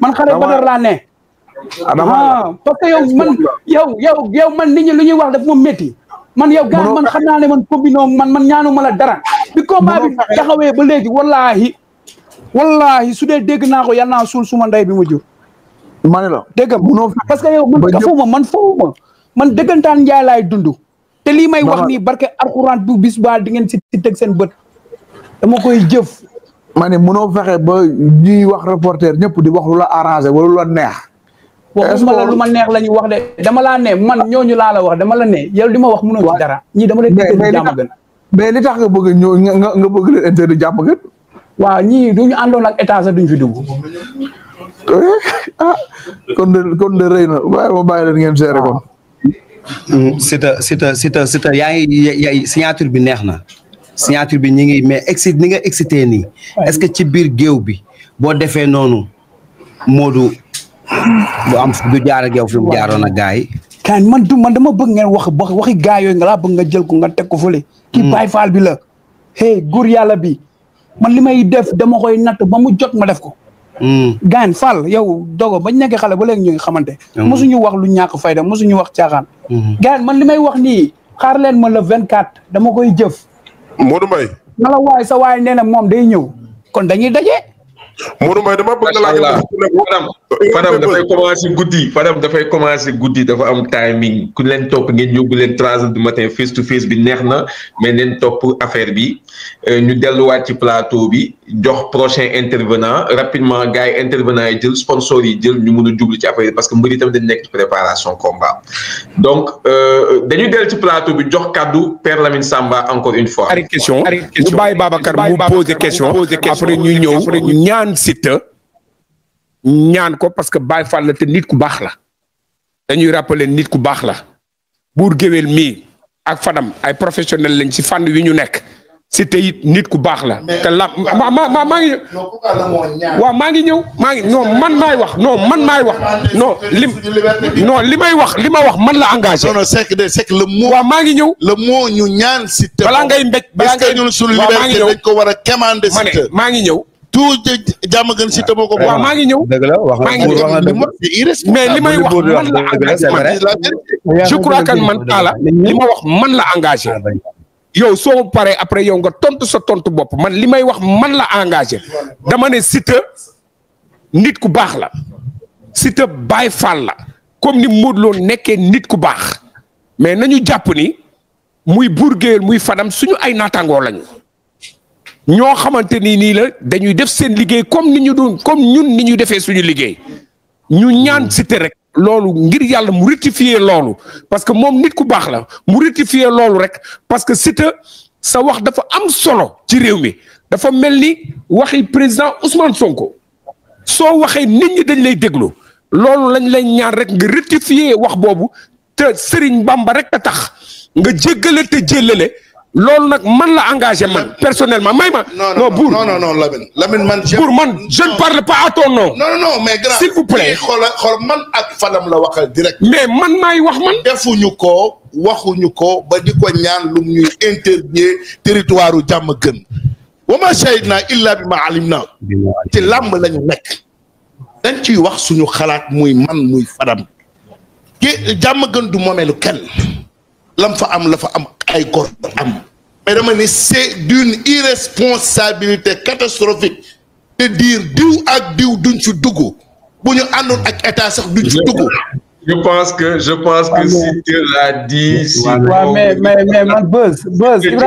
man xale Badar la ne. ah parce que yow man yow yow yow man nit ñi lu ñuy wax daf mo metti man yow gaam man xam naa ne man combino man man ñaanu ma la dara. bi combat bi taxawé ba légui wallahi wallahi su dé dégg na ko yalla sul suma nday bi mu jur. mané la dégg nga parce que yow man gafuma man fawuma man dëggantaan njaay lay dundu té li may wax ni barké alcorane bu bis di ngén ci tégg sen bëtt dama koy jëf ma ne mënoo fexe ba ñuy wax reporter ñëpp di wax la arrangé wala lu la neex. est ma la lu ma neex la ñu wax de dama laa ne man ñooñu laa la wax dama la ne yow li ma wax mënoo ci dara. ñii dama leen interdit jàmm gën. mais li tax nga bëgg ñoo nga nga bëgg leen interdit jàmm gën. waaw ñii du ñu àndoon ak état sax duñ fi dugg. Eh, ah kon de kon de rëy na waaye ma bàyyi leen ngeen seere kon. Siteu Siteu Siteu Siteu yaa ngi signature bi neex na. signature bi ñu ngi mais excite ni nga excité nii est-ce que ci biir géew bi boo defee noonu Modou bu am du jaar ak yow fi mu jaaroon ak gars yi kan man du man dama bëgg ngeen wax waxi gars yooyu nga laa bëgg nga jël ko nga teg ko fële kii mm. Baye Fall bi la hey góor yàlla bi man li may def dama koy natt ba mu jot ma def ko mm. gaan Fall yow dogo ba nekk xale ba léegi ñu ngi xamante mm. mosuñu wax lu ñàkk fayda mosuñu wax caaxaan mm-hmm. gaan man li wax nii xaar leen ma le vingt quatre dama koy jëf Modou Mbaye. na la waay sa waay nee na moom day ñëw kon dañuy daje. Modou Mbaye dama bëgg la laaj. Fadam dafay commencé guddi Fadam dafay commencé guddi dafa am timing ku len top, ngeen yóbbu leen trois heures du matin face to face bi neexna na mais top topp affaire bi euh, ñu wat ci plateau bi jox prochain intervenant rapidement gaay intervenant yi jël sponsor yi jël ñu mun djublu ci affaire parce que mbir yi tamit dañ nek préparation combat donc euh, dañu del ci plateau bi jox cadeau Père Lamine Samba encore une fois. question mu bàyyi Babacar mu poser question après ñu ñew ñaan site ñaan ko parce que Baay Faal la te nit ku baax la dañuy rappeler nit ku baax la buur géwél mii ak Fadam ay professionnel lañ ci fànn wi ñu nekk si te it nit ku baax la. te la ma ma maa ngi. maa ngi ñëw maa ngi non man maay wax non man maay wax non lim non li may wax li ma wax man la engagé. non non c'est que c'est que maa ngi ñëw. le mot ñu ñaan si balaa ngay mbéj balaa ngay waaw maa ngi ñëw est ko war a commander si maa ngi ñëw. tout jàmm gën si moo ko. waaw maa ngi ñëw maa ngi ñëw mais li may wax man la engagé man je crois que man ala li ma wax man la engagé. Ah, yow soo paree après yow nga tontu sa tontu bopp man li may wax man la engagé dama ne Siteu nit ku baax la Siteu Baay Faal la comme ni Modou Lo nekkee nit ku baax mais nañu jàpp ni muy Bour Gueweul muy Fadam suñu ay naataangoo lañu. ñoo xamante ni nii la dañuy def seen liggéey comme ni ñu doon comme ñun ni ñuy defee suñu liggéey ñu ñaan Siteu rek loolu ngir yàlla mu rectifier loolu parce que moom nit ku baax la mu rectifier loolu rek parce que Siteu sa wax dafa am solo ci réew mi dafa mel ni waxi président Ousmane Sonko soo waxee nit ñi dañ lay déglu loolu lañ lay ñaan rek nga rectifier wax boobu te Serigne Bamba rek a tax nga jéggale te jéllale Lol nag man la engagé man personnellement non non non non Lamine pour man je ne parle pas à ton nom. non non non, mais grand s'il vous plaît xol xol man ak non la waxal direct. mais man non wax man. defuñu ko waxuñu ko ba non ñaan lu ñuy interdire territoire wa shahidna illa non non ci non dañ non wax suñu xalaat muy man muy Fadam. ki non du non kenn. lam fa am la fa am ay gor am mais dama c'est d'une irresponsabilité catastrophique te dire diw ak diw duñ ci dugg bu ñu àndoon ak état sax duñ ci je pense que je pense que si tu l'as dit. si mais mais mais buzz buzz.